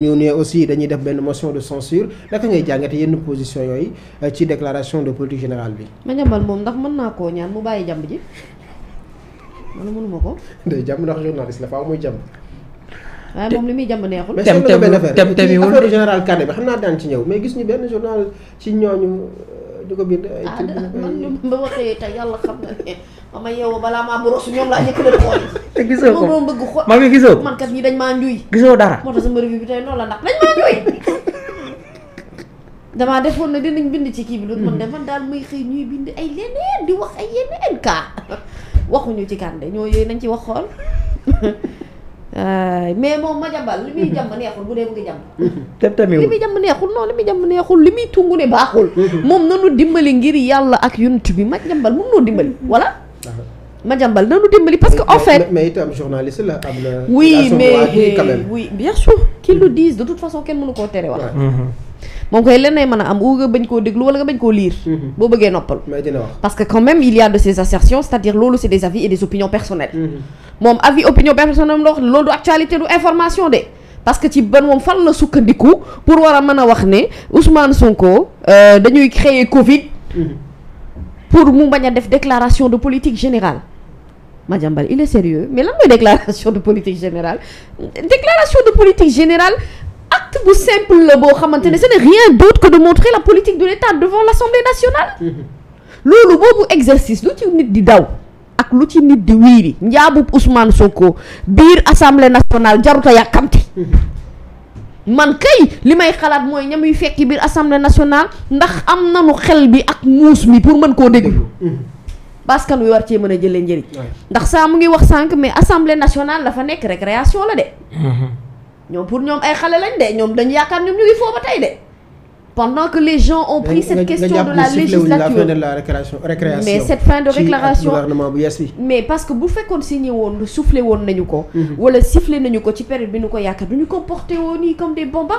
ñu ne aussi dañuy def benn motion de censure naka ngay jàngate yenn position yooyu euh, ci déclaration de politique générale bi. ma jàmbal moom ndax mën naa koo ñaan mu bàyyi jàmb ji wala mënuma ko. day jàmb ndax journaliste la faaw muy jàmb. waaye moom li muy jàmb neexul. tem tem tem temiwul mais affaire général Kandé bi xam naa daan ci ñëw mais gis ñu benn journal ci ñooñu. di ko bind ah, ay tur man ba ma xëyee tey yàlla xam na ma mama yow balaa maa mu rosu ñoom laa njëkk leen xool te gisoo ko moom bëgg xool mami man kat ñi dañ maa njuy gisoo dara moo tax sama revue bi tey noonu la ndax dañ maa njuy damaa defoon na dinañ bind ci kii bi loolu man de man daal muy xëy ñuy bind ay leneen di wax ay yeneen kaa waxuñu ci kànde ñoo yooyu nañ ci wax xool Euh, mais moom ma jambal li muy jàmb neexul bu dee mu jàmb te tamit li muy jàmb neexul non li muy jàmb neexul li muy tungu ne baaxul mm-hmm. Mm-hmm. moom nanu dimbali ngir yàlla ak yonent bi ma jambal mun noo dimbali voilà ma jambal nanu dimbali parce que en fait mais itam journaliste la am na oui mais quand bien sûr qu'ils le disent de toute façon kenn mënu koo tere wax mm-hmm. moom koy leen nay mën a am ou nga bañ koo déglu wala nga bañ koo liir mhm. boo bëggee noppal parce que quand même il y a de ces assertions c'est-à-dire loolu c'est des avis et des opinions personnelles mhm. moom avis opinion personnelle la wax loolu du actualité du information de parce que ci ba moom fan la sukkandiku pour war a mën a wax ne Ousmane Sonko euh, dañuy créer Covid mhm. pour mu bañ a def déclaration de politique générale Madiambal il est sérieux mais lan mooy déclaration de politique générale déclaration de politique acte bu simple la boo xamante ne ce n'est rien d'autre que de montrer la politique de l'État devant l'Assemblée nationale loolu boobu exercice lu ci nit di daw ak lu ci nit di wiiri njaabu Ousmane Sonko biir Assemblée nationale jaruta yàkkamti man kay li may xalaat mooy ñam ñamuy fekki biir assemblée nationale ndax am na nanu xel bi ak muus mi pour mën koo déglu baskan wi war cee mën a jëlee njëriñ ndax saa mu ngi wax sànq mais assemblée nationale la fa nekk récréation la de ñoom pour ñoom ay xale lañ de ñoom dañu yaakaar ñoom ñu ngi foofu ba tey de pendant que les gens ont pris cette question de la législature de la récréation mais cette fin de récréation mais parce que bu fekkoon signé woon soufflé woon nañu ko mhm. wala sifflé nañu ko ci période bi ñu ko yaakaar du ñu comporté woon nii comme des bombes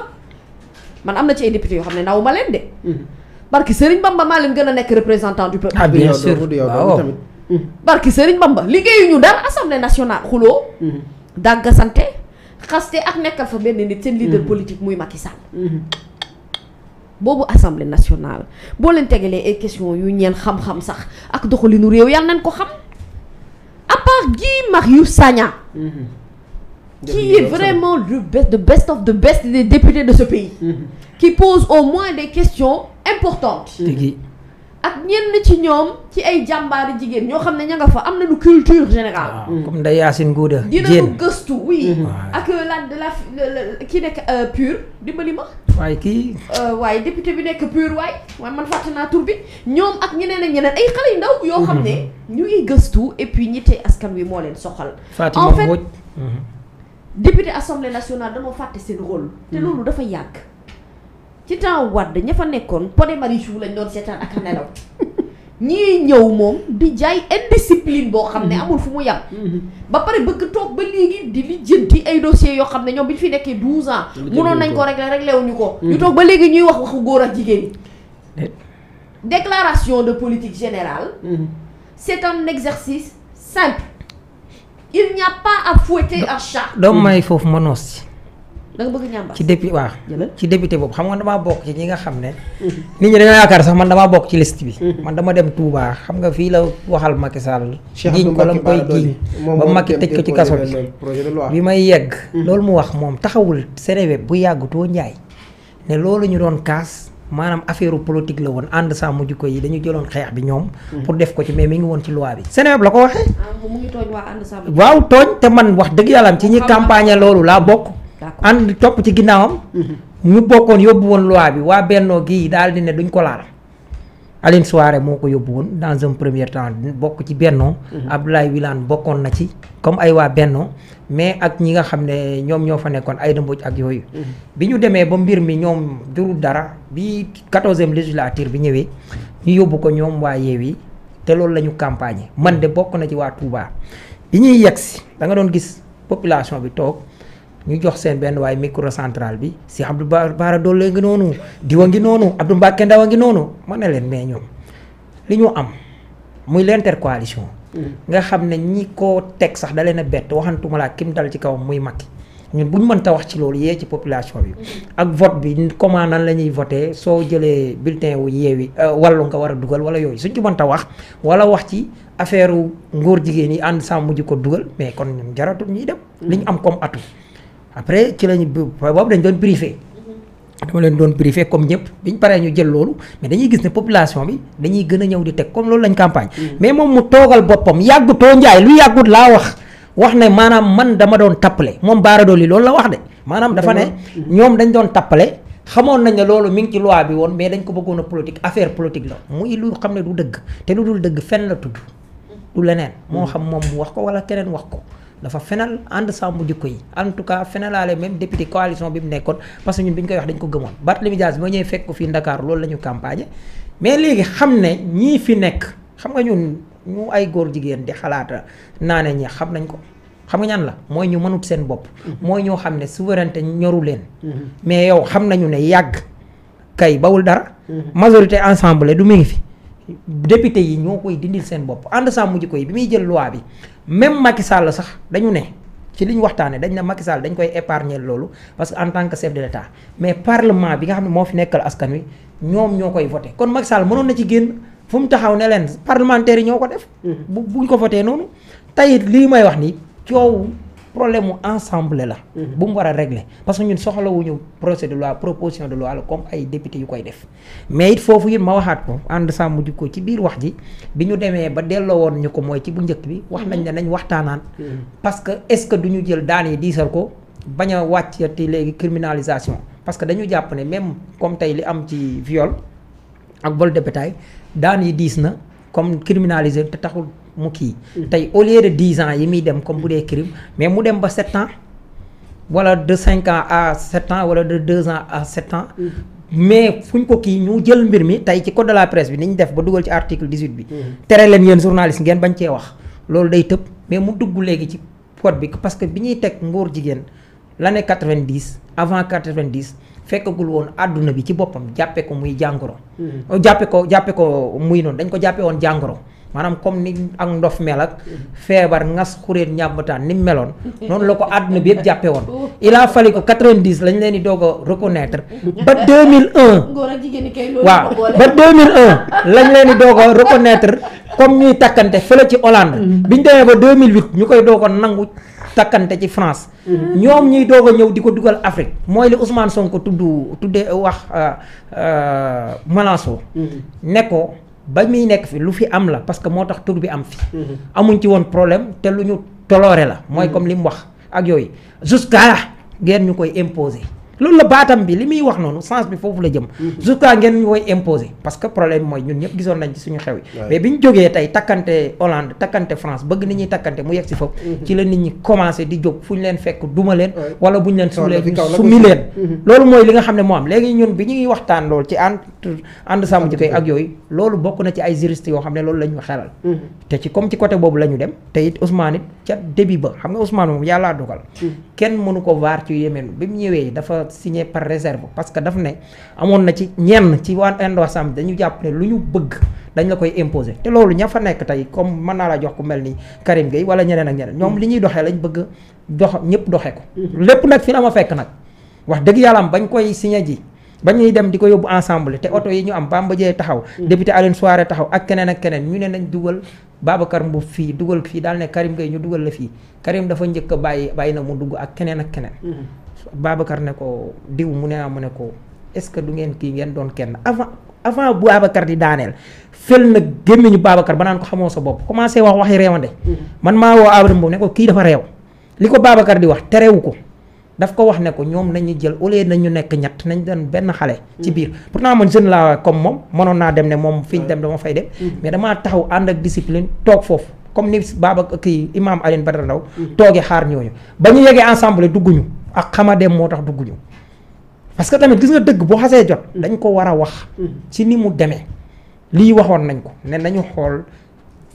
man am na ci ay députés yoo xam ne naw ma leen de mhm. barki Serigne Bamba maa leen gën a nekk représentant du peuple ah bien sûr waaw tamit mhm. barki Serigne Bamba liggéeyuñu dara assemblée xaste ak nekkal fa benn nit seen leader mm-hmm. politique muy Macky Sall mm-hmm. boobu assemblée nationale boo leen tegalee ay question yu ñeen xam-xam sax ak doxalinu réew yàlla nañ ko xam à part Guy Marius Sagna mm-hmm. qui est vraiment le best the best of the best des députés de ce pays qui pose au moins des questions importantes ak ñenn ci ñoom ci ay jàmbaari jigéen ñoo xam ne ña nga fa am nañu culture générale ah. mm. comme Ndeye Yacine Gouda dinañu gëstu oui présidente de la kii nekk euh, PUR dimbali ma. waaye kii. Euh, waaye député bi nekk PUR waaye waaye man fàtte naa tur bi ñoom ak ñeneen ak ñeneen ay xale yu ndaw. yoo xam ne mm-hmm. ñu gëstu et puis ñitte askan wi moo leen soxal. en fait mm-hmm. député assemblée nationale dañoo fàtte seen rôle. te mm-hmm. loolu dafa yàgg. ci temps Wade ña fa nekkoon Pod et Marichou lañ doon seetaan ak nelaw ñii ñëw moom di jaay indiscipline boo xam ne mm-hmm. amul fu mu yam mm-hmm. ba pare bëgg toog ba léegi di lijjanti ay dossiers yoo xam ne ñoom bi ñu fi nekkee 12 ans. mënoon nañ ko régler réglé wuñu ko. Mm-hmm. ñu toog ba léegi ñuy wax waxu góor ak jigéen ñi. déclaration de politique général c'est un exercice simple. il n'y a pas à fouetter un chat. doom may foofu ma noos si. da nga bëgg ñàmbaas ci député waaw ci député boobu xam nga damaa bokk ci ñi nga xam ne. Mm-hmm. nit ñi dañoo yaakaar sax man damaa bokk ci liste bi. Mm-hmm. man dama dem Touba xam nga fii la waxal Macky Sall. jiiñ ko la mu koy jiiñ ba Macky tëj ko ci kaso bi. bi may yegg. Mm-hmm. loolu mu wax moom taxawul Seneweb bu yàggutoo Njaay ne loolu ñu doon kaas. maanaam affaire politique la woon ànd saa mujj ko yi dañu jëloon xeex bi ñoom. pour def ko ci mais mi ngi woon ci loi bi. Seneweb la ko waxee. Ah, mu ngi tooñ waa ànd saa waaw tooñ te man loolu laa bokk. ànd topp ci ginnaawam. Mhm. ñu bokkoon yóbbu woon loi bi waa bennoo gii daal di ne duñ ko laal. Aline Souare moo ko yóbbu woon dans un premier temps bokk ci bennoo mhm. Abdoulaye Wilane bokkoon na ci comme ay waa bennoo mais ak ñi nga xam ne ñoom ñoo fa nekkoon ay dëmbooj ak yooyu mhm. bi ñu demee ba mbir mi ñoom jurul dara bi quatorzième législature bi ñëwee ñu yóbbu ko ñoom waa Yewwi te loolu la ñu campagne man de bokk na ci waa Touba bi ñuy yegsi da nga doon gis population bi toog ñu jox seen benn waaye centrale bi si Abdou Bara Dolly ngi noonu diwa ngi noonu Abdou Mbacke Ndaw a ngi noonu ma ne leen mais ñoom li ñu am muy l'intercoalition mm. nga xam ne ñi ko teg sax da leen a bett waxantuma laa kim dal ci kawam muy mag Macky ñun bu ñu mënta wax ci loolu yee ci population bi mm. ak vote bi comment nan la ñuy voté soo jëlee bulletin wu yeewi euh, wallu nga war a dugal wala yooyu suñ ci mënta wax wala wax ci affaire ngóor jigéen yi ànd sa mujj ko dugal mais kon ñun jaratul ñuy dem. Mm. li am comme atout après ci lañu boobu dañ doon privé dama leen doon privé comme ñëpp biñ paree ñu jël loolu mais dañuy gis ne population bi dañuy gën a ñëw di teg comme loolu lañ campagne mm. mais moom mu toogal boppam yàggutoo njaay lu yàggut laa wax wax ne maanaam man dama doon tappale moom baara dolli loolu la wax de maanaam dafa ne ñoom dañ doon tappale xamoon nañ ne loolu mu ngi ci loi bi woon mais dañ ko bëggoon a politique affaire politique la muy lu xam ne du dëgg te lu dul dëgg fenn la tudd du leneen moo mm. xam moom wax ko wala keneen wax ko dafa fenal end sàmm jikko yi en tout cas fenalaale même député coalition bi mu nekkoon parce que ñun bi ñu koy wax dañ ko gëmoon Barthélémy Dias moo ñëwee fekk ko fii Ndakaaru loolu la ñu mais léegi xam ne ñii fi nekk xam nga ñun ñu ay góor jigéen di xalaata naa ne ñi xam nañ ko xam nga ñan la mooy ñu mënut seen bopp mm-hmm. mooy ñoo xam ne souveraineté ñoru leen mm-hmm. mais yow xam nañu ne yàgg kay bawul dara mm-hmm. majorité ensemble du mu ngi fi député yi ñoo koy dindil seen bopp ànd saa mujj koy bi muy jël loi bi même Macky sax dañu ne ci li ñu waxtaanee dañ ne Macky Sall dañ koy épargner loolu parce que en tant que chef de l'État mais parlement bi nga xam ne moo fi nekkal askan wi ñoom ñoo koy voté kon Macky Sall mënoon na ci génn fu mu taxaw ne leen parlementaires yi ñoo ko def. Mm-hmm. bu buñ ko voté noonu tey lii may wax ni coow. problème mu ensemble la. Mhm. bu mu war a régler parce que ñun soxlawuñu projet de loi proposition de loi la comme ay député yu koy def mais it foofu it ma waxaat ko ànd sàmm ko ci biir wax ji bi ñu demee ba delloo woon ñu ko mooy ci bu njëkk bi wax nañ ne mhm. nañ waxtaanaan. Mhm. parce que est-ce que du ñu jël daan yi diisal ko bañ a wàccati léegi criminalisation parce que dañu jàpp ne même comme tey li am ci viol ak vol de bétail daan yi diis na. comme criminaliser te taxul mu kii. Mm. tey au lieu de dix ans yi muy dem comme bu dee crime mais mu dem ba sept ans wala de cinq ans à sept ans wala de deux ans à sept ans. Mm. mais fuñ ko kii ñu jël mbir mi tey ci code de la presse bi ni ñu def ba dugal ci article dix huit bi. Mm. tere leen yéen journaliste ngeen bañ cee wax loolu day tëb mais mu dugg léegi ci code bi parce que bi ñuy teg ngóor jigéen l'année quatre vingt dix avant quatre vingt dix fekkagul woon àdduna bi ci boppam jàppe ko muy jàngoro. Mm-hmm. jàppe ko jàppe ko muy noonu dañ ko jàppe woon jàngoro. maanaam comme ni ak ndof mel ak mm-hmm. feebar ngas xuréen ñàmbataan ni meloon noonu la ko àdduna bi yëpp jàppe woon il a fallu que 90 lañ leen di doog a reconnaître ba 2001 waaw ba 2001 lañ leen di doog a reconnaître comme ñuy takkante fële ci Hollande mm-hmm. biñ demee ba 2008 ñu koy doog a nangu sakkante ci France. Mm-hmm. ñoom ñuy doog a ñëw di ko dugal Afrique mooy li son ko tuddu tuddee wax euh, euh, Malanso. Mm-hmm. ne ko ba muy nekk fi lu fi am la parce que moo tax tur bi am fi. Mm-hmm. amuñ ci woon problème te lu ñu toloore la. mooy comme li wax ak yooyu jusqu'à ngeen ñu koy imposer. loolu la baatam bi li muy wax noonu sens bi foofu la jëm mhm. jusqu'à ngeen ñu koy imposer parce que problème mooy ñun ñëpp gisoon nañ ci suñu xew yi mais bi ñu jógee tey takkante Hollande takkante France bëgg nit ñuy takkante mu yegg si foofu mhm. ci la nit ñi commencé di jóg fu ñu leen fekk duma leen wala bu ñu leen suulee ñu leen mhm. loolu mooy li nga xam ne moo am léegi ñun bi ñuy waxtaan loolu ci entre sàmm jikko ak yooyu loolu bokk na ci ay juristes yoo xam ne loolu la ñu xelal ci comme ci la ñu dem ba xam nga Ousmane moom yàllaa dogal ko vaar signé par réserve parce que dafa ne amoon na ci ñenn ci waa Indossam dañu jàpp ne lu ñu bëgg dañ la koy imposer te loolu ña fa nekk tey comme mën naa la jox ku mel ni Karim Gueye wala ñeneen ak ñeneen ñoom li ñuy doxee lañ bëgg dox ñëpp doxee ko. Mm-hmm. lépp nag fi na ma fekk nag wax dëgg yàlla am bañ koy signé ji. ba ñuy dem di ko yóbbu ensemble te oto yi ñu am Bamba Dieye taxaw mm-hmm. député Aline soire taxaw ak keneen ak keneen ñu ne nañ dugal Babacar Mbow fii dugal fii daal ne Karim Gueye ñu dugal la fii Karim dafa njëkk a bàyyi bàyyi na mu dugg ak keneen ak keneen mm-hmm. Babacar ne ko diw mu ne ah ne ko est-ce que du ngeen kii ngeen doon kenn avant avant bu Babacar di daaneel fel na gémmiñu Babacar ba naan ko xamoo sa bopp commencé wax waxi réewande mm-hmm. man maa woo Abrahima boobu ne ko kii dafa réew li ko Babacar di wax terewu ko daf ko wax ne ko ñoom nañu jël au lieu nañu nekk ñett nañ doon benn xale ci mm-hmm. biir pourtant man jeune laa comme moom mënoon naa dem ne moom dem dama fay dem mm-hmm. mais damaa taxaw ànd ak discipline toog foofu comme ni Babacar kii imam Alioune Badara Ndao tooge xaar ñooñu ba ñu yegee ensemble dugguñu ak xamadeem moo tax dugguñu parce que tamit gis nga dëgg boo xasee jot dañ ko war a wax hmm. ci ni mu demee lii waxoon nañ ko ne nañu xool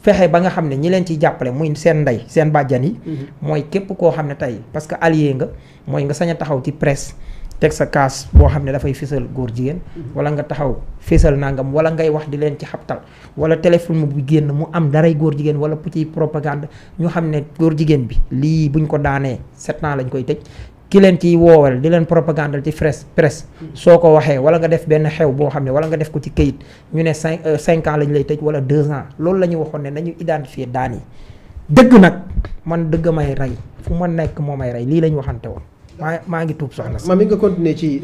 fexe ba nga xam ne ñi leen ciy jàppale muy seen ndey seen bàjjan yi hmm. mooy képp koo xam ne tey parce que allié nga mooy nga sañ a taxaw ci presse teg sa kaas boo xam ne dafay fésal góor jigéen hmm. wala nga taxaw fésal nangam wala ngay wax di leen ci xabtal wala téléfilm bu génn mu am daray góor jigéen wala pu ciy propagande ñu xam ne góor jigéen bi lii buñ ko daanee sept ans lañ koy tëj ki leen ciy woowal di leen propagandal ci presse presse soo ko waxee wala nga def benn xew boo xam ne wala nga def ko ci këyit ñu ne cinq euh, cinq ans lañ lay tëj wala deux ans loolu la ñu waxoon ne nañu identifier daan yi dëgg nag man dëgg may rey fu ma nekk moo may rey lii la ñu waxante woon maa maa ngi tuub soxna si.